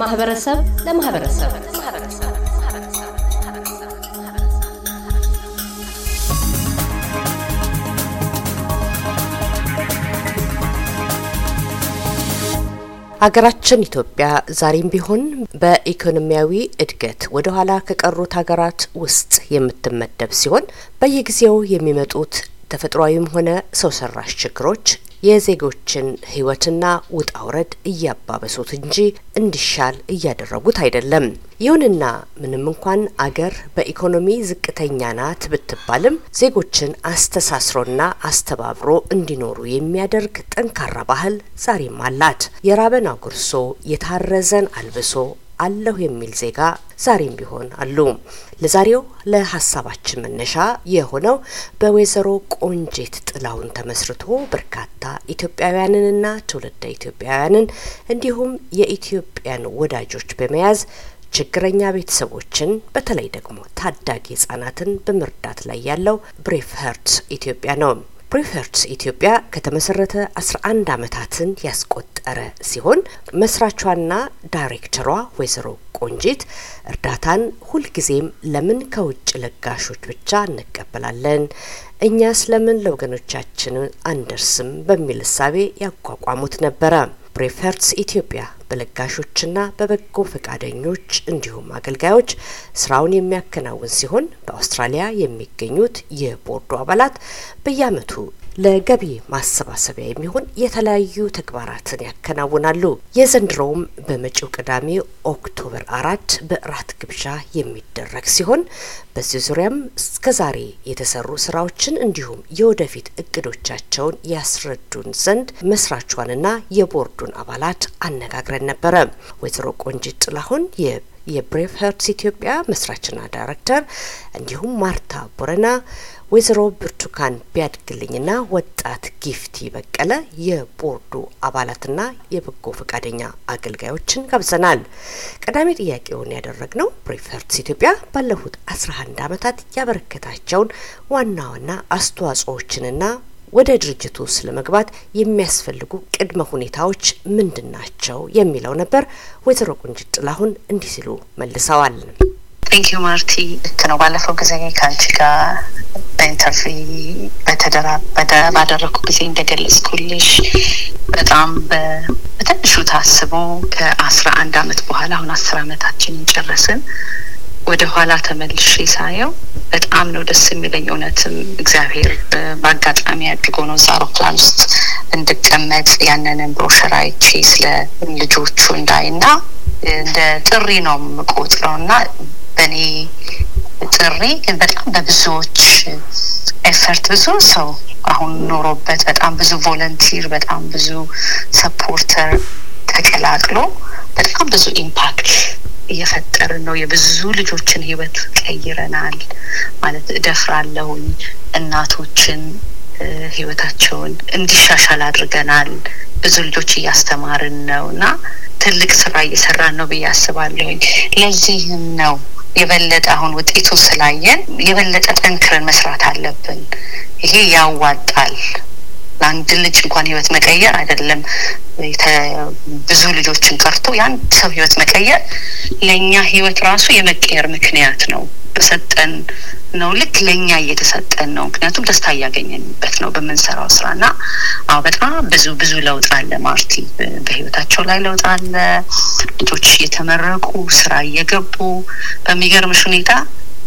ማህበረሰብ ለማህበረሰብ ሀገራችን ኢትዮጵያ ዛሬም ቢሆን በኢኮኖሚያዊ እድገት ወደ ኋላ ከቀሩት ሀገራት ውስጥ የምትመደብ ሲሆን በየጊዜው የሚመጡት ተፈጥሯዊም ሆነ ሰው ሰራሽ ችግሮች የዜጎችን ህይወትና ውጣ ውረድ እያባበሱት እንጂ እንዲሻል እያደረጉት አይደለም። ይሁንና ምንም እንኳን አገር በኢኮኖሚ ዝቅተኛ ናት ብትባልም ዜጎችን አስተሳስሮና አስተባብሮ እንዲኖሩ የሚያደርግ ጠንካራ ባህል ዛሬም አላት። የራበን አጉርሶ የታረዘን አልብሶ አለሁ የሚል ዜጋ ዛሬም ቢሆን አሉ። ለዛሬው ለሀሳባችን መነሻ የሆነው በወይዘሮ ቆንጂት ጥላሁን ተመስርቶ በርካታ ኢትዮጵያውያንንና ትውልደ ኢትዮጵያውያንን እንዲሁም የኢትዮጵያን ወዳጆች በመያዝ ችግረኛ ቤተሰቦችን በተለይ ደግሞ ታዳጊ ህጻናትን በመርዳት ላይ ያለው ብሬፍ ሀርት ኢትዮጵያ ነው። ብሬፈርድስ ኢትዮጵያ ከተመሰረተ 11 ዓመታትን ያስቆጠረ ሲሆን መስራቿና ዳይሬክተሯ ወይዘሮ ቆንጂት እርዳታን ሁልጊዜም ለምን ከውጭ ለጋሾች ብቻ እንቀበላለን እኛስ ለምን ለወገኖቻችን አንደርስም በሚል እሳቤ ያቋቋሙት ነበረ። ብሬፈርትስ ኢትዮጵያ በለጋሾችና በበጎ ፈቃደኞች እንዲሁም አገልጋዮች ስራውን የሚያከናውን ሲሆን በአውስትራሊያ የሚገኙት የቦርዱ አባላት በየአመቱ ለገቢ ማሰባሰቢያ የሚሆን የተለያዩ ተግባራትን ያከናውናሉ። የዘንድሮውም በመጪው ቅዳሜ ኦክቶበር አራት በእራት ግብዣ የሚደረግ ሲሆን በዚህ ዙሪያም እስከዛሬ የተሰሩ ስራዎችን እንዲሁም የወደፊት እቅዶቻቸውን ያስረዱን ዘንድ መስራቿንና የቦርዱን አባላት አነጋግረን ነበረ። ወይዘሮ ቆንጂት ጥላሁን የብሬቭ ሀርትስ ኢትዮጵያ መስራችና ዳይሬክተር እንዲሁም ማርታ ቦረና ወይዘሮ ብርቱካን ቢያድግልኝና ወጣት ጊፍቲ በቀለ የቦርዱ አባላትና የበጎ ፈቃደኛ አገልጋዮችን ጋብዘናል። ቀዳሚ ጥያቄውን ያደረግነው ብሬፈርትስ ኢትዮጵያ ባለፉት 11 ዓመታት ያበረከታቸውን ዋና ዋና አስተዋጽኦዎችንና ወደ ድርጅቱ ስለመግባት የሚያስፈልጉ ቅድመ ሁኔታዎች ምንድን ናቸው የሚለው ነበር። ወይዘሮ ቁንጅት ጥላሁን እንዲህ ሲሉ መልሰዋል። ቴንክ ማርቲ። ልክ ነው። ባለፈው ጊዜ ከአንቺ ጋር በኢንተርቪ በተደራ ባደረግኩ ጊዜ እንደገለጽኩልሽ በጣም በትንሹ ታስቦ ከአስራ አንድ አመት በኋላ አሁን አስር አመታችንን ጨረስን። ወደ ኋላ ተመልሽ ሳየው በጣም ነው ደስ የሚለኝ። እውነትም እግዚአብሔር በአጋጣሚ አድርጎ ነው እዛ አውሮፕላን ውስጥ እንድቀመጥ ያንንን ብሮሸር አይቼ ስለ ልጆቹ እንዳይና እንደ ጥሪ ነው የምቆጥረው እና በእኔ ጥሪ ግን በጣም በብዙዎች ኤፈርት ብዙ ሰው አሁን ኖሮበት በጣም ብዙ ቮለንቲር በጣም ብዙ ሰፖርተር ተቀላቅሎ በጣም ብዙ ኢምፓክት እየፈጠርን ነው። የብዙ ልጆችን ህይወት ቀይረናል ማለት እደፍራለሁኝ። እናቶችን ህይወታቸውን እንዲሻሻል አድርገናል። ብዙ ልጆች እያስተማርን ነው እና ትልቅ ስራ እየሰራን ነው ብዬ አስባለሁኝ። ለዚህም ነው የበለጠ አሁን ውጤቱን ስላየን የበለጠ ጠንክረን መስራት አለብን። ይሄ ያዋጣል። ለአንድ ልጅ እንኳን ህይወት መቀየር አይደለም ብዙ ልጆችን ቀርቶ የአንድ ሰው ህይወት መቀየር ለእኛ ህይወት ራሱ የመቀየር ምክንያት ነው። የተሰጠን ነው። ልክ ለእኛ እየተሰጠን ነው። ምክንያቱም ደስታ እያገኘንበት ነው በምንሰራው ስራ እና አዎ በጣም ብዙ ብዙ ለውጥ አለ ማርቲ። በህይወታቸው ላይ ለውጥ አለ። ልጆች እየተመረቁ ስራ እየገቡ በሚገርምሽ ሁኔታ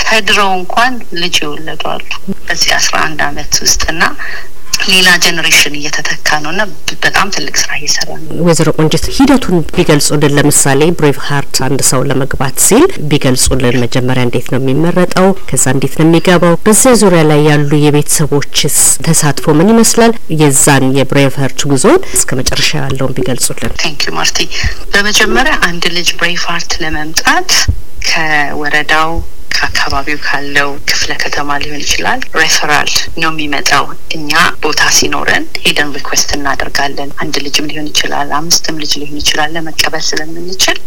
ተድረው እንኳን ልጅ የወለዱ አሉ በዚህ አስራ አንድ አመት ውስጥ እና ሌላ ጀኔሬሽን እየተተካ ነው እና በጣም ትልቅ ስራ እየሰራ ነው። ወይዘሮ ቆንጂት ሂደቱን ቢገልጹልን፣ ለምሳሌ ብሬቭ ሀርት አንድ ሰው ለመግባት ሲል ቢገልጹልን፣ መጀመሪያ እንዴት ነው የሚመረጠው? ከዛ እንዴት ነው የሚገባው? በዚያ ዙሪያ ላይ ያሉ የቤተሰቦችስ ተሳትፎ ምን ይመስላል? የዛን የብሬቭ ሀርት ጉዞን እስከ መጨረሻ ያለውን ቢገልጹልን። ቴንክ ዩ ማርቲ። በመጀመሪያ አንድ ልጅ ብሬቭ ሀርት ለመምጣት ከወረዳው ከአካባቢው ካለው ክፍለ ከተማ ሊሆን ይችላል ሬፈራል ነው የሚመጣው። እኛ ቦታ ሲኖረን ሄደን ሪኩዌስት እናደርጋለን። አንድ ልጅም ሊሆን ይችላል፣ አምስትም ልጅ ሊሆን ይችላል ለመቀበል ስለምንችል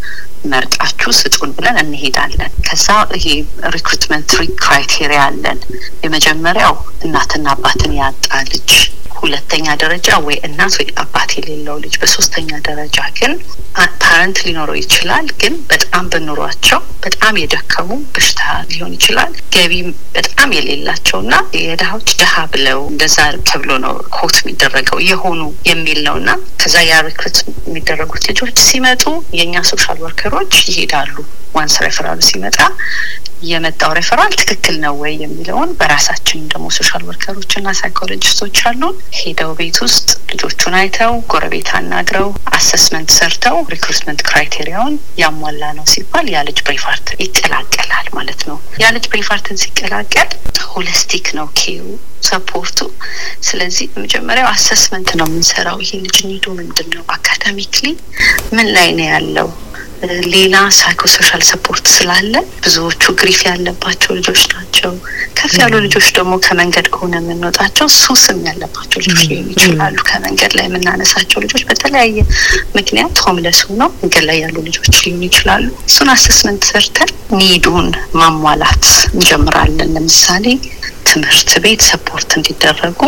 መርጣችሁ ስጡን ብለን እንሄዳለን። ከዛ ይሄ ሪክሩትመንት ትሪ ክራይቴሪያ አለን። የመጀመሪያው እናትና አባትን ያጣ ልጅ፣ ሁለተኛ ደረጃ ወይ እናት ወይ አባት የሌለው ልጅ፣ በሶስተኛ ደረጃ ግን ፓረንት ሊኖረው ይችላል፣ ግን በጣም በኑሯቸው በጣም የደከሙ በሽታ ሊሆን ይችላል፣ ገቢ በጣም የሌላቸው እና የድሀዎች ድሀ ብለው እንደዛ ተብሎ ነው ኮት የሚደረገው የሆኑ የሚል ነው እና ከዛ ያ ሪክሩት የሚደረጉት ልጆች ሲመጡ የእኛ ሶሻል ወርከሩ ነገሮች ይሄዳሉ። ዋንስ ሬፈራሉ ሲመጣ የመጣው ሬፈራል ትክክል ነው ወይ የሚለውን በራሳችን ደግሞ ሶሻል ወርከሮች እና ሳይኮሎጂስቶች አሉን። ሄደው ቤት ውስጥ ልጆቹን አይተው ጎረቤት አናግረው አሰስመንት ሰርተው ሪክሩትመንት ክራይቴሪያውን ያሟላ ነው ሲባል ያ ልጅ ብሬፋርት ይቀላቀላል ማለት ነው። ያ ልጅ ብሬፋርትን ሲቀላቀል ሆለስቲክ ነው ኬዩ ሰፖርቱ። ስለዚህ መጀመሪያው አሰስመንት ነው የምንሰራው። ይሄ ልጅ ኒዱ ምንድን ነው አካደሚክሊ ምን ላይ ነው ያለው ሌላ ሳይኮሶሻል ሰፖርት ስላለ ብዙዎቹ ግሪፍ ያለባቸው ልጆች ናቸው። ከፍ ያሉ ልጆች ደግሞ ከመንገድ ከሆነ የምንወጣቸው ሱስም ያለባቸው ልጆች ሊሆኑ ይችላሉ። ከመንገድ ላይ የምናነሳቸው ልጆች በተለያየ ምክንያት ሆምለስ ነው መንገድ ላይ ያሉ ልጆች ሊሆኑ ይችላሉ። እሱን አሰስመንት ሰርተን ኒዱን ማሟላት እንጀምራለን። ለምሳሌ ትምህርት ቤት ሰፖርት እንዲደረጉ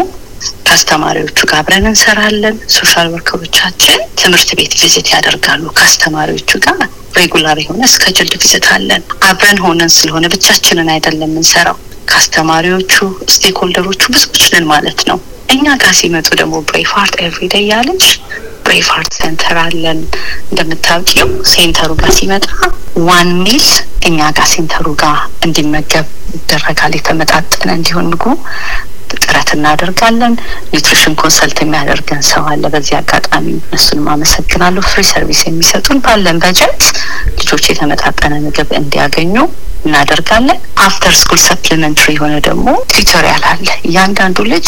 ከአስተማሪዎቹ ጋር አብረን እንሰራለን። ሶሻል ወርከሮቻችን ትምህርት ቤት ቪዚት ያደርጋሉ። ከአስተማሪዎቹ ጋር ሬጉላር የሆነ እስከጅልድ ቪዚት አለን። አብረን ሆነን ስለሆነ ብቻችንን አይደለም የምንሰራው። ከአስተማሪዎቹ ስቴክሆልደሮቹ ብዙዎች ነን ማለት ነው። እኛ ጋር ሲመጡ ደግሞ ብሬፋርት ኤቭሪዴይ ያለች ብሬፋርት ሴንተር አለን። እንደምታውቂው ሴንተሩ ጋር ሲመጣ ዋን ሚል እኛ ጋር ሴንተሩ ጋር እንዲመገብ ይደረጋል። የተመጣጠነ እንዲሆን ምግቡ ጥረት እናደርጋለን። ኒትሪሽን ኮንሰልት የሚያደርገን ሰው አለ። በዚህ አጋጣሚ እነሱን አመሰግናለሁ። ፍሪ ሰርቪስ የሚሰጡን ባለን በጀት ልጆች የተመጣጠነ ምግብ እንዲያገኙ እናደርጋለን። አፍተር ስኩል ሰፕሊመንትሪ የሆነ ደግሞ ቲዩቶሪያል አለ። እያንዳንዱ ልጅ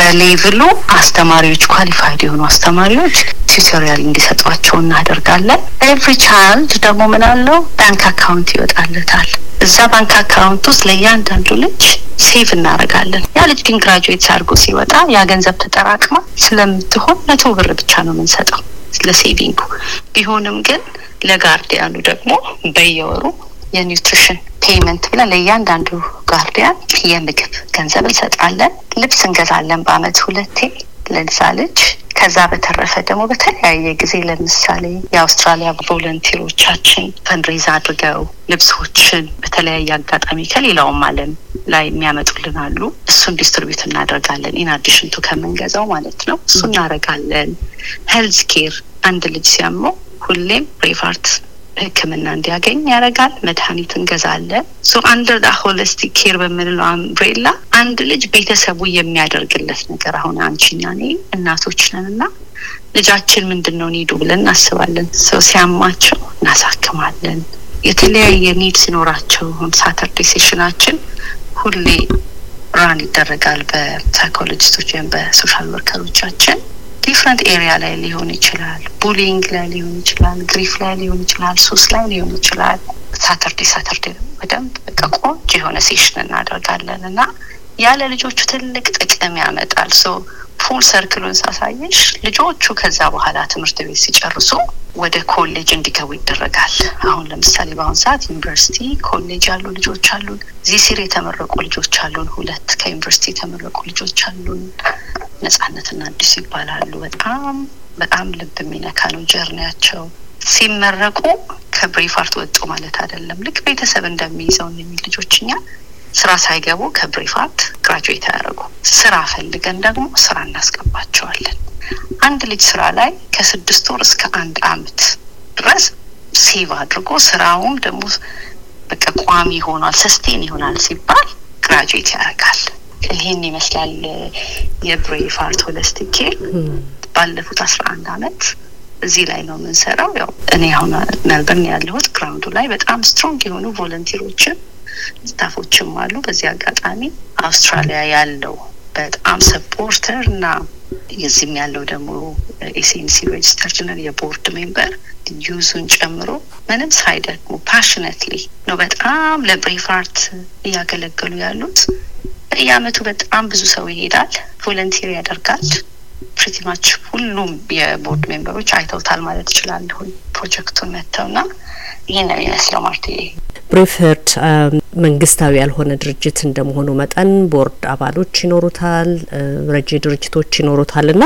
በሌቭሉ አስተማሪዎች፣ ኳሊፋይድ የሆኑ አስተማሪዎች ቲዩቶሪያል እንዲሰጧቸው እናደርጋለን። ኤቭሪ ቻይልድ ደግሞ ምናለው ባንክ አካውንት ይወጣለታል። እዛ ባንክ አካውንት ውስጥ ለእያንዳንዱ ልጅ ሴቭ እናደርጋለን። ያ ልጅ ግን ግራጁዌት አድርጎ ሲወጣ ያ ገንዘብ ተጠራቅማ ስለምትሆን መቶ ብር ብቻ ነው የምንሰጠው ለሴቪንጉ። ቢሆንም ግን ለጋርዲያኑ ደግሞ በየወሩ የኒውትሪሽን ፔይመንት ብለን ለእያንዳንዱ ጋርዲያን የምግብ ገንዘብ እንሰጣለን። ልብስ እንገዛለን በአመት ሁለቴ ለዛ ልጅ ከዛ በተረፈ ደግሞ በተለያየ ጊዜ ለምሳሌ የአውስትራሊያ ቮለንቲሮቻችን ፈንድሬዝ አድርገው ልብሶችን በተለያየ አጋጣሚ ከሌላውም ዓለም ላይ የሚያመጡልን አሉ። እሱን ዲስትሪቢዩት እናደርጋለን። ኢን አዲሽንቱ ከምንገዛው ማለት ነው። እሱ እናደርጋለን። ሄልዝ ኬር አንድ ልጅ ሲያመው ሁሌም ብሬቭ ሃርት ህክምና እንዲያገኝ ያደርጋል። መድኃኒት እንገዛለን። ሶ አንደር ሆሊስቲክ ኬር በምንለው አምብሬላ አንድ ልጅ ቤተሰቡ የሚያደርግለት ነገር አሁን አንቺና እኔ እናቶች ነን እና ልጃችን ምንድን ነው ኒዱ ብለን እናስባለን። ሰው ሲያማቸው እናሳክማለን። የተለያየ ኒድ ሲኖራቸው አሁን ሳተርዴ ሴሽናችን ሁሌ ራን ይደረጋል በሳይኮሎጂስቶች ወይም በሶሻል ወርከሮቻችን ዲፍረንት ኤሪያ ላይ ሊሆን ይችላል። ቡሊንግ ላይ ሊሆን ይችላል። ግሪፍ ላይ ሊሆን ይችላል። ሱስ ላይ ሊሆን ይችላል። ሳተርዴ ሳተርዴ በደንብ በቃ ቆንጆ የሆነ ሴሽን እናደርጋለን እና ያለ ልጆቹ ትልቅ ጥቅም ያመጣል። ሶ ፉል ሰርክሉን ሳሳየሽ ልጆቹ ከዛ በኋላ ትምህርት ቤት ሲጨርሱ ወደ ኮሌጅ እንዲገቡ ይደረጋል። አሁን ለምሳሌ በአሁን ሰዓት ዩኒቨርሲቲ ኮሌጅ ያሉ ልጆች አሉን። ዚሲር የተመረቁ ልጆች አሉን። ሁለት ከዩኒቨርሲቲ የተመረቁ ልጆች አሉን። ነጻነትና አዲስ ይባላሉ። በጣም በጣም ልብ የሚነካ ነው ጀርኒያቸው። ሲመረቁ ከብሬፋርት ወጡ ማለት አይደለም። ልክ ቤተሰብ እንደሚይዘው የሚል ልጆች እኛ ስራ ሳይገቡ ከብሬፋርት ግራጁዌት ያደረጉ ስራ ፈልገን ደግሞ ስራ እናስገባቸዋለን። አንድ ልጅ ስራ ላይ ከስድስት ወር እስከ አንድ አመት ድረስ ሴቭ አድርጎ ስራውም ደግሞ በቃ ቋሚ ይሆናል፣ ሰስቴን ይሆናል ሲባል ግራጁዌት ያደርጋል። ይህን ይመስላል የብሬፍ አርት ሆለስቲክ ባለፉት አስራ አንድ አመት እዚህ ላይ ነው የምንሰራው። ያው እኔ አሁን መልበርን ያለሁት ግራውንዱ ላይ በጣም ስትሮንግ የሆኑ ቮለንቲሮችም ስታፎችም አሉ። በዚህ አጋጣሚ አውስትራሊያ ያለው በጣም ሰፖርተር እና የዚህም ያለው ደግሞ ኤስኤንሲ ሬጅስተር የቦርድ ሜምበር ዩዙን ጨምሮ ምንም ሳይደክሙ ፓሽነትሊ ነው በጣም ለብሬፍ አርት እያገለገሉ ያሉት። በየአመቱ በጣም ብዙ ሰው ይሄዳል፣ ቮለንቲር ያደርጋል። ፕሪቲማች ሁሉም የቦርድ ሜምበሮች አይተውታል ማለት ይችላል ፕሮጀክቱን መጥተውና ይህን ነው የሚመስለው ማርትዬ። ብሬፍርድ መንግስታዊ ያልሆነ ድርጅት እንደመሆኑ መጠን ቦርድ አባሎች ይኖሩታል፣ ረጂ ድርጅቶች ይኖሩታል እና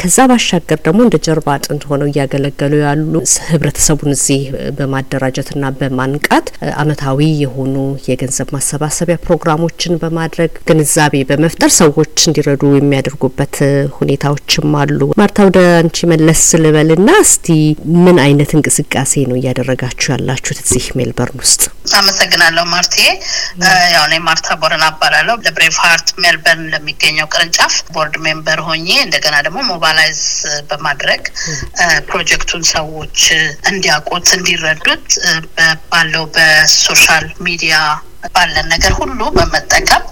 ከዛ ባሻገር ደግሞ እንደ ጀርባ አጥንት ሆነው እያገለገሉ ያሉ ህብረተሰቡን እዚህ በማደራጀትና በማንቃት አመታዊ የሆኑ የገንዘብ ማሰባሰቢያ ፕሮግራሞችን በማድረግ ግንዛቤ በመፍጠር ሰዎች እንዲረዱ የሚያደርጉበት ሁኔታዎችም አሉ። ማርታ ወደ አንቺ መለስ ልበልና እስቲ ምን አይነት እንቅስቃሴ ነው እያደረጋችሁ ያላችሁት እዚህ ሜልበርን ውስጥ? አመሰግናለሁ ማርቴ። ያው እኔ ማርታ ቦረን አባላለሁ ለብሬቭ ሜልበርን ለሚገኘው ቅርንጫፍ ቦርድ ሜምበር ሆኜ እንደገና ደግሞ ሞባላይዝ በማድረግ ፕሮጀክቱን ሰዎች እንዲያውቁት፣ እንዲረዱት ባለው በሶሻል ሚዲያ ባለን ነገር ሁሉ በመጠቀም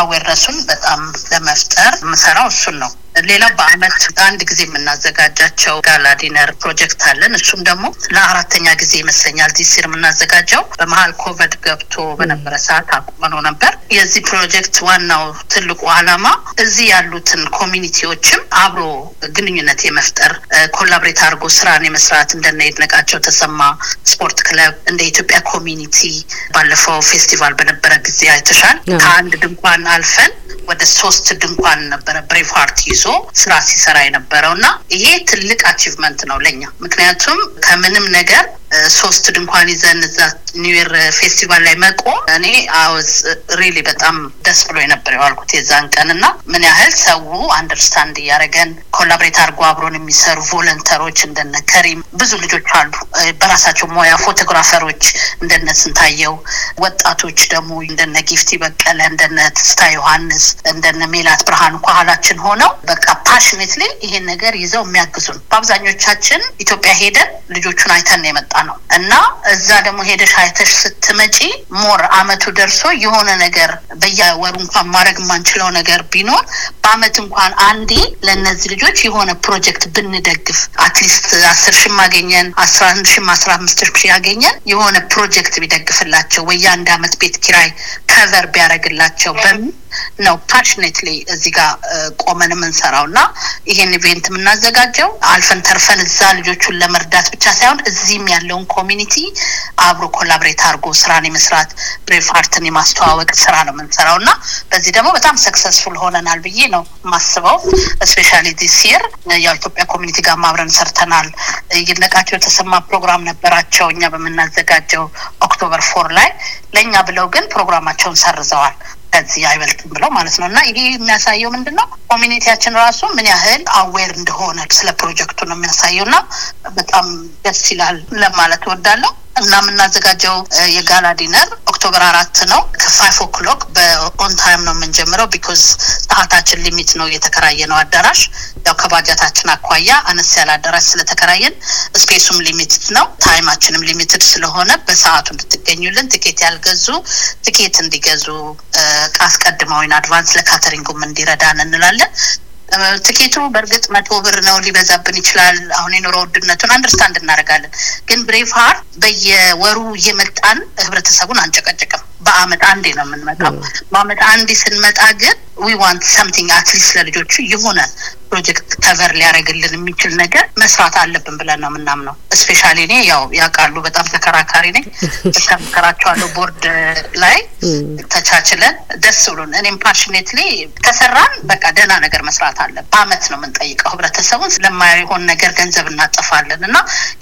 አዌርነሱን በጣም ለመፍጠር የምሰራው እሱን ነው። ሌላው በአመት አንድ ጊዜ የምናዘጋጃቸው ጋላ ዲነር ፕሮጀክት አለን። እሱም ደግሞ ለአራተኛ ጊዜ ይመስለኛል ዚህ ሲር የምናዘጋጀው በመሀል ኮቨድ ገብቶ በነበረ ሰዓት አቁመኖ ነበር። የዚህ ፕሮጀክት ዋናው ትልቁ አላማ እዚህ ያሉትን ኮሚኒቲዎችም አብሮ ግንኙነት የመፍጠር ኮላብሬት አድርጎ ስራን የመስራት እንደነ ተሰማ ስፖርት ክለብ እንደ ኢትዮጵያ ኮሚኒቲ ባለፈው ፌስቲቫል በነበረ ጊዜ አይተሻል። ከአንድ ድንኳን አልፈን ወደ ሶስት ድንኳን ነበረ ብሬቭ ሀርት ይዞ ይዞ ስራ ሲሰራ የነበረው እና ይሄ ትልቅ አቺቭመንት ነው ለኛ። ምክንያቱም ከምንም ነገር ሶስት ድንኳን ይዘን እዛ ኒውር ፌስቲቫል ላይ መቆም እኔ አወዝ ሪሊ በጣም ደስ ብሎ የነበር የዋልኩት የዛን ቀን እና ምን ያህል ሰው አንደርስታንድ እያደረገን ኮላብሬት አድርጎ አብሮን የሚሰሩ ቮለንተሮች እንደነ ከሪም ብዙ ልጆች አሉ፣ በራሳቸው ሙያ ፎቶግራፈሮች እንደነ ስንታየው፣ ወጣቶች ደግሞ እንደነ ጊፍቲ በቀለ፣ እንደነ ትስታ ዮሐንስ፣ እንደነ ሜላት ብርሃን ከኋላችን ሆነው በቃ ፓሽኔትሊ ይሄን ነገር ይዘው የሚያግዙን በአብዛኞቻችን ኢትዮጵያ ሄደን ልጆቹን አይተን የመጣ ነው እና እዛ ደግሞ ሄደሽ አይተሽ ስትመጪ ሞር አመቱ ደርሶ የሆነ ነገር በየወሩ እንኳን ማድረግ የማንችለው ነገር ቢኖር በአመት እንኳን አንዴ ለእነዚህ ልጆች የሆነ ፕሮጀክት ብንደግፍ አትሊስት አስር ሽ ማገኘን አስራ አንድ ሺ አስራ አምስት ሺ ያገኘን የሆነ ፕሮጀክት ቢደግፍላቸው ወይ የአንድ አመት ቤት ኪራይ ከቨር ቢያደረግላቸው በሚል ነው ፓሽኔትሊ እዚህ ጋር ቆመን የምንሰራው እና ይሄን ኢቬንት የምናዘጋጀው አልፈን ተርፈን እዛ ልጆቹን ለመርዳት ብቻ ሳይሆን እዚህም ያለውን ኮሚኒቲ አብሮ ኮላብሬት አድርጎ ስራን የመስራት ብሬፋርትን የማስተዋወቅ ስራ ነው የምንሰራው እና በዚህ ደግሞ በጣም ሰክሰስፉል ሆነናል ብዬ ነው ማስበው ስፔሻሊ ዲስ የር ያው ኢትዮጵያ ኮሚኒቲ ጋር ማብረን ሰርተናል። ይድነቃቸው የተሰማ ፕሮግራም ነበራቸው እኛ በምናዘጋጀው ኦክቶበር ፎር ላይ ለእኛ ብለው ግን ፕሮግራማቸውን ሰርዘዋል። ከዚህ አይበልጥም ብለው ማለት ነው። እና ይሄ የሚያሳየው ምንድን ነው? ኮሚኒቲያችን ራሱ ምን ያህል አዌር እንደሆነ ስለ ፕሮጀክቱ ነው የሚያሳየው። እና በጣም ደስ ይላል ለማለት እወዳለሁ። እና የምናዘጋጀው የጋላ ዲነር ኦክቶበር አራት ነው ከፋይቭ ኦክሎክ በኦን ታይም ነው የምንጀምረው። ቢኮዝ ሰዓታችን ሊሚት ነው የተከራየ ነው አዳራሽ ያው ከባጃታችን አኳያ አነስ ያለ አዳራሽ ስለተከራየን ስፔሱም ሊሚትድ ነው፣ ታይማችንም ሊሚትድ ስለሆነ በሰዓቱ እንድትገኙልን ትኬት ያልገዙ ትኬት እንዲገዙ እቃ አስቀድመውን አድቫንስ ለካተሪንጉም እንዲረዳን እንላለን። ትኬቱ በእርግጥ መቶ ብር ነው ሊበዛብን ይችላል። አሁን የኑሮ ውድነቱን አንደርስታንድ እናደርጋለን። ግን ብሬቭ ሃርት በየወሩ እየመጣን ህብረተሰቡን አንጨቀጭቅም። በአመት አንዴ ነው የምንመጣው። በአመት አንዴ ስንመጣ ግን ዊ ዋንት ሰምቲንግ አትሊስት ለልጆቹ የሆነ ፕሮጀክት ከቨር ሊያደርግልን የሚችል ነገር መስራት አለብን ብለን ነው የምናምነው። እስፔሻሊ እኔ ያው ያውቃሉ፣ በጣም ተከራካሪ ነኝ። ተከራቸዋለሁ ቦርድ ላይ ተቻችለን ደስ ብሎን እኔም ፓሽኔትሊ ተሰራን በቃ ደህና ነገር መስራት አለ። በአመት ነው የምንጠይቀው ህብረተሰቡን። ስለማይሆን ነገር ገንዘብ እናጠፋለን እና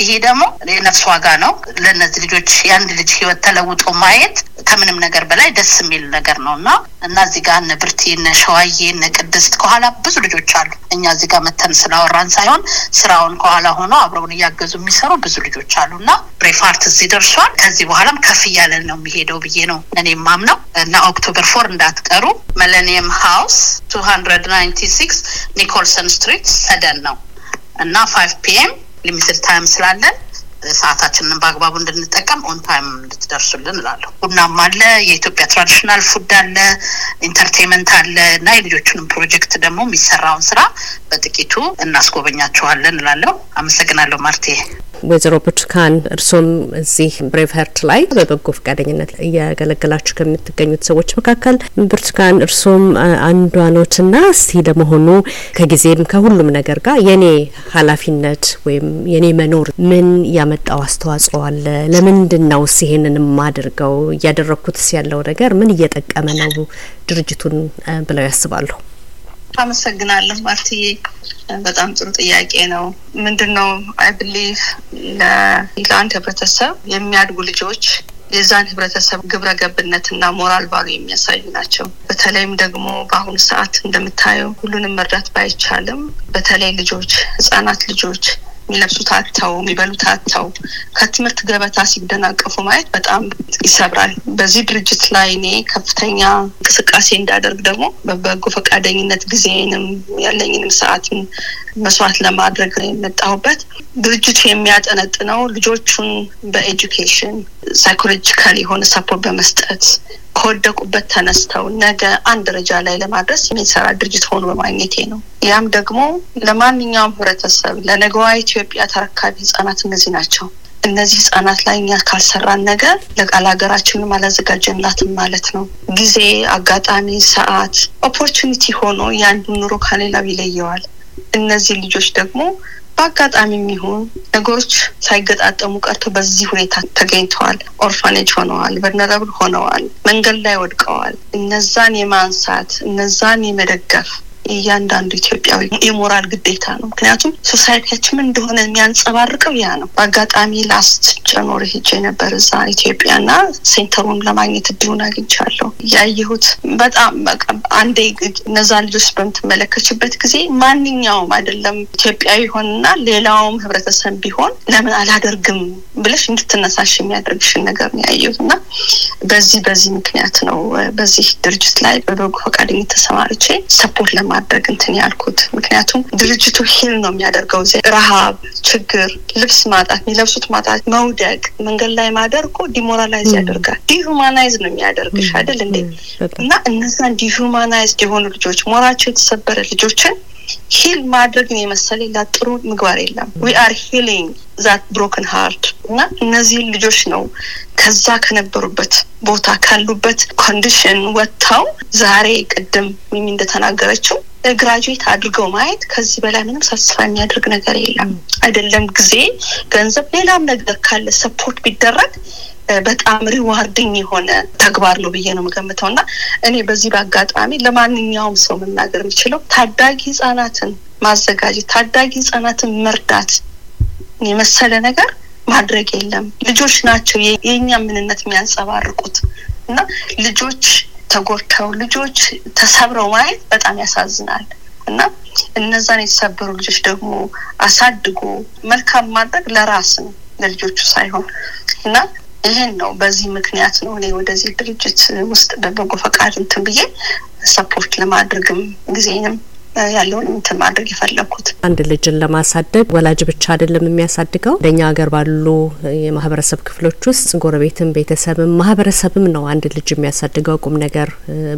ይሄ ደግሞ የነፍስ ዋጋ ነው ለእነዚህ ልጆች። የአንድ ልጅ ህይወት ተለውጦ ማየት ከምን ከምንም ነገር በላይ ደስ የሚል ነገር ነው እና እና እዚህ ጋር እነ ብርቲ እነ ሸዋዬ እነ ቅድስት ከኋላ ብዙ ልጆች አሉ። እኛ እዚህ ጋር መተን ስላወራን ሳይሆን ስራውን ከኋላ ሆኖ አብረውን እያገዙ የሚሰሩ ብዙ ልጆች አሉ እና ብሬፋርት እዚህ ደርሷል። ከዚህ በኋላም ከፍ እያለ ነው የሚሄደው ብዬ ነው እኔ ማምነው እና ኦክቶበር ፎር እንዳትቀሩ መለኒየም ሃውስ ቱ ሀንድረድ ናይንቲ ሲክስ ኒኮልሰን ስትሪት ሰደን ነው እና ፋይቭ ፒኤም ሊሚትድ ታይም ስላለን ሰዓታችንን በአግባቡ እንድንጠቀም ኦንታይም እንድትደርሱልን እላለሁ። ቡናም አለ፣ የኢትዮጵያ ትራዲሽናል ፉድ አለ፣ ኢንተርቴንመንት አለ እና የልጆቹንም ፕሮጀክት ደግሞ የሚሰራውን ስራ በጥቂቱ እናስጎበኛቸዋለን እላለሁ። አመሰግናለሁ ማርቴ። ወይዘሮ ብርቱካን እርሶም እዚህ ብሬቭ ሀርት ላይ በበጎ ፈቃደኝነት እያገለገላችሁ ከምትገኙት ሰዎች መካከል ብርቱካን እርስዎም አንዷ ና እስቲ ለመሆኑ ከጊዜም ከሁሉም ነገር ጋር የኔ ኃላፊነት ወይም የኔ መኖር ምን ያመጣው አስተዋጽኦ አለ? ለምንድን ነው ስ ይሄንን የማድርገው? እያደረግኩትስ ያለው ነገር ምን እየጠቀመ ነው ድርጅቱን ብለው ያስባሉ? አመሰግናለሁ ማርትዬ። በጣም ጥሩ ጥያቄ ነው። ምንድን ነው አይ ብሊቭ ለአንድ ህብረተሰብ የሚያድጉ ልጆች የዛን ህብረተሰብ ግብረ ገብነትና ሞራል ባሉ የሚያሳዩ ናቸው። በተለይም ደግሞ በአሁኑ ሰዓት እንደምታየው ሁሉንም መርዳት ባይቻልም በተለይ ልጆች ህጻናት ልጆች የሚለብሱት አተው የሚበሉት አተው ከትምህርት ገበታ ሲደናቀፉ ማየት በጣም ይሰብራል። በዚህ ድርጅት ላይ እኔ ከፍተኛ እንቅስቃሴ እንዳደርግ ደግሞ በበጎ ፈቃደኝነት ጊዜንም ያለኝንም ሰአትን መስዋዕት ለማድረግ የመጣሁበት ድርጅቱ የሚያጠነጥነው ልጆቹን በኤጁኬሽን ሳይኮሎጂካል የሆነ ሰፖርት በመስጠት ከወደቁበት ተነስተው ነገ አንድ ደረጃ ላይ ለማድረስ የሚሰራ ድርጅት ሆኖ በማግኘቴ ነው። ያም ደግሞ ለማንኛውም ህብረተሰብ ለነገዋ ኢትዮጵያ ተረካቢ ህጻናት እነዚህ ናቸው። እነዚህ ህጻናት ላይ እኛ ካልሰራን ነገር ለቃል አላዘጋጀንላትም ማለት ነው። ጊዜ፣ አጋጣሚ፣ ሰዓት ኦፖርቹኒቲ ሆኖ የአንዱን ኑሮ ከሌላው ይለየዋል። እነዚህ ልጆች ደግሞ በአጋጣሚ የሚሆን ነገሮች ሳይገጣጠሙ ቀርቶ በዚህ ሁኔታ ተገኝተዋል። ኦርፋኔጅ ሆነዋል፣ በነረብል ሆነዋል፣ መንገድ ላይ ወድቀዋል። እነዛን የማንሳት እነዛን የመደገፍ እያንዳንዱ ኢትዮጵያዊ የሞራል ግዴታ ነው። ምክንያቱም ሶሳይቲያችን ምን እንደሆነ የሚያንጸባርቀው ያ ነው። በአጋጣሚ ላስት ጀኖር ሄጄ ነበር እዛ ኢትዮጵያና ሴንተሩን ለማግኘት እድሉን አግኝቻለሁ። ያየሁት በጣም በቃ አንዴ እነዛ ልጆች በምትመለከችበት ጊዜ ማንኛውም አይደለም ኢትዮጵያዊ ይሆንና ሌላውም ህብረተሰብ ቢሆን ለምን አላደርግም ብለሽ እንድትነሳሽ የሚያደርግሽን ነገር ነው ያየሁት እና በዚህ በዚህ ምክንያት ነው በዚህ ድርጅት ላይ በበጎ ፈቃደኝነት ተሰማርቼ ሰፖርት ለማ ለማድረግ እንትን ያልኩት። ምክንያቱም ድርጅቱ ሂል ነው የሚያደርገው ዜ ረሃብ፣ ችግር፣ ልብስ ማጣት፣ የሚለብሱት ማጣት፣ መውደቅ፣ መንገድ ላይ ማደር እኮ ዲሞራላይዝ ያደርጋል። ዲሁማናይዝ ነው የሚያደርግሽ አይደል እንዴ? እና እነዛን ዲሁማናይዝ የሆኑ ልጆች ሞራቸው የተሰበረ ልጆችን ሂል ማድረግ ነው የመሰለ ሌላ ጥሩ ምግባር የለም። ዊ አር ሂሊንግ ዛት ብሮክን ሃርት እና እነዚህ ልጆች ነው ከዛ ከነበሩበት ቦታ ካሉበት ኮንዲሽን ወጥተው ዛሬ ቅድም ሚሚ እንደተናገረችው ግራጁዌት አድርገው ማየት ከዚህ በላይ ምንም ሳስፋ የሚያደርግ ነገር የለም። አይደለም ጊዜ፣ ገንዘብ፣ ሌላም ነገር ካለ ሰፖርት ቢደረግ በጣም ሪዋርድኝ የሆነ ተግባር ነው ብዬ ነው የምገምተው እና እኔ በዚህ በአጋጣሚ ለማንኛውም ሰው መናገር የሚችለው ታዳጊ ህጻናትን ማዘጋጀት፣ ታዳጊ ህጻናትን መርዳት የመሰለ ነገር ማድረግ የለም። ልጆች ናቸው የእኛ ምንነት የሚያንጸባርቁት እና ልጆች ተጎድተው ልጆች ተሰብረው ማየት በጣም ያሳዝናል እና እነዛን የተሰበሩ ልጆች ደግሞ አሳድጎ መልካም ማድረግ ለራስ ነው ለልጆቹ ሳይሆን እና ይህን ነው በዚህ ምክንያት ነው እኔ ወደዚህ ድርጅት ውስጥ በበጎ ፈቃድ እንትን ብዬ ሰፖርት ለማድረግም ጊዜንም ያለውን እንትን ማድረግ የፈለግኩት አንድ ልጅን ለማሳደግ ወላጅ ብቻ አይደለም የሚያሳድገው። እንደኛ ሀገር ባሉ የማህበረሰብ ክፍሎች ውስጥ ጎረቤትም፣ ቤተሰብም ማህበረሰብም ነው አንድ ልጅ የሚያሳድገው ቁም ነገር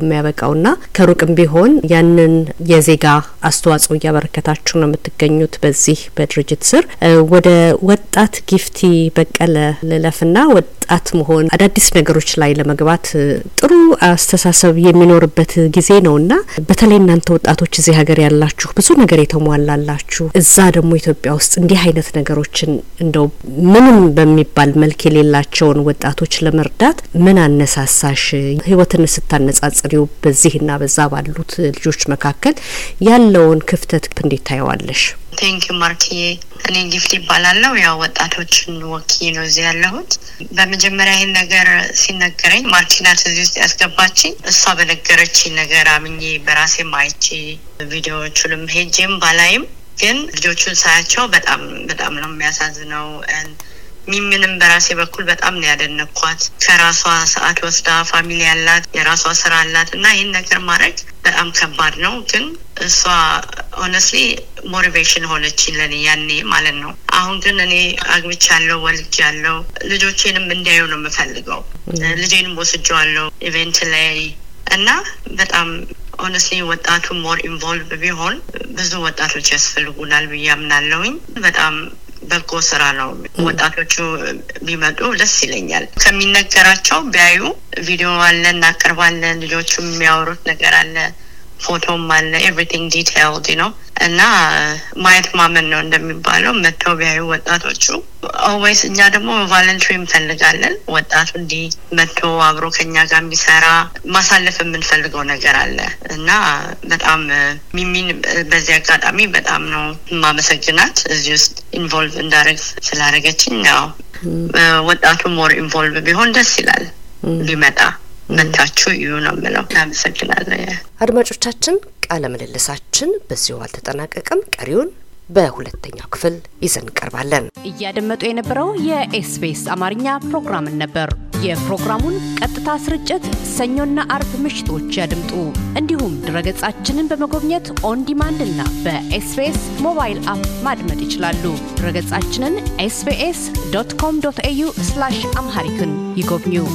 የሚያበቃው ና ከሩቅም ቢሆን ያንን የዜጋ አስተዋጽኦ እያበረከታችሁ ነው የምትገኙት በዚህ በድርጅት ስር። ወደ ወጣት ጊፍቲ በቀለ ልለፍ ና ወጣት መሆን አዳዲስ ነገሮች ላይ ለመግባት ጥሩ አስተሳሰብ የሚኖርበት ጊዜ ነው ና በተለይ እናንተ ወጣቶች እዚህ ሀገር ያላችሁ ብዙ ነገር የተሟላላችሁ፣ እዛ ደግሞ ኢትዮጵያ ውስጥ እንዲህ አይነት ነገሮችን እንደው ምንም በሚባል መልክ የሌላቸውን ወጣቶች ለመርዳት ምን አነሳሳሽ? ህይወትን ስታነጻጽሪው በዚህና በዛ ባሉት ልጆች መካከል ያለውን ክፍተት እንዴት ታየዋለሽ? ቴንክ ማርክዬ። እኔ ጊፍት ይባላለው። ያው ወጣቶችን ወኪ ነው እዚህ ያለሁት። በመጀመሪያ ይህን ነገር ሲነገረኝ ማርኪናት እዚህ ውስጥ ያስገባችኝ። እሷ በነገረች ነገር አምኜ በራሴ አይቼ ቪዲዮዎቹንም ሄጄም ባላይም ግን ልጆቹን ሳያቸው በጣም በጣም ነው የሚያሳዝነው ምንም በራሴ በኩል በጣም ነው ያደነኳት። ከራሷ ሰዓት ወስዳ ፋሚሊ ያላት የራሷ ስራ አላት እና ይህን ነገር ማድረግ በጣም ከባድ ነው። ግን እሷ ኦነስሊ ሞቲቬሽን ሆነች ለኔ ያኔ ማለት ነው። አሁን ግን እኔ አግብቻለሁ፣ ወልጃለሁ። ልጆቼንም እንዲያዩ ነው የምፈልገው። ልጄንም ወስጀዋለሁ ኢቨንት ላይ እና በጣም ኦነስትሊ ወጣቱ ሞር ኢንቮልቭ ቢሆን ብዙ ወጣቶች ያስፈልጉናል ብዬ አምናለሁኝ በጣም በጎ ስራ ነው። ወጣቶቹ ቢመጡ ደስ ይለኛል። ከሚነገራቸው ቢያዩ ቪዲዮ አለ፣ እናቀርባለን። ልጆቹ የሚያወሩት ነገር አለ፣ ፎቶም አለ። ኤቭሪቲንግ ዲቴይልድ ነው። እና uh, ማየት ማመን ነው እንደሚባለው መተው ቢያዩ ወጣቶቹ ኦልዌይስ እኛ ደግሞ ቫለንትሪ እንፈልጋለን። ወጣቱ እንዲህ መቶ አብሮ ከኛ ጋር የሚሰራ ማሳለፍ የምንፈልገው ነገር አለ እና በጣም uh, ሚሚን በዚህ አጋጣሚ በጣም ነው ማመሰግናት እዚህ ውስጥ ኢንቮልቭ እንዳደረግ ስላደረገችኝ። ያው mm. uh, ወጣቱ ሞር ኢንቮልቭ ቢሆን ደስ ይላል mm. ቢመጣ mm. መታችሁ ይሁ ነው ምለው አድማጮቻችን ቃለ ምልልሳችን በዚሁ አልተጠናቀቅም። ቀሪውን በሁለተኛው ክፍል ይዘን እንቀርባለን። እያደመጡ የነበረው የኤስቢኤስ አማርኛ ፕሮግራምን ነበር። የፕሮግራሙን ቀጥታ ስርጭት ሰኞና አርብ ምሽቶች ያድምጡ። እንዲሁም ድረገጻችንን በመጎብኘት ኦን ዲማንድ እና በኤስቢኤስ ሞባይል አፕ ማድመጥ ይችላሉ። ድረገጻችንን ኤስቢኤስ ዶት ኮም ዶት ኤዩ አምሃሪክን ይጎብኙ።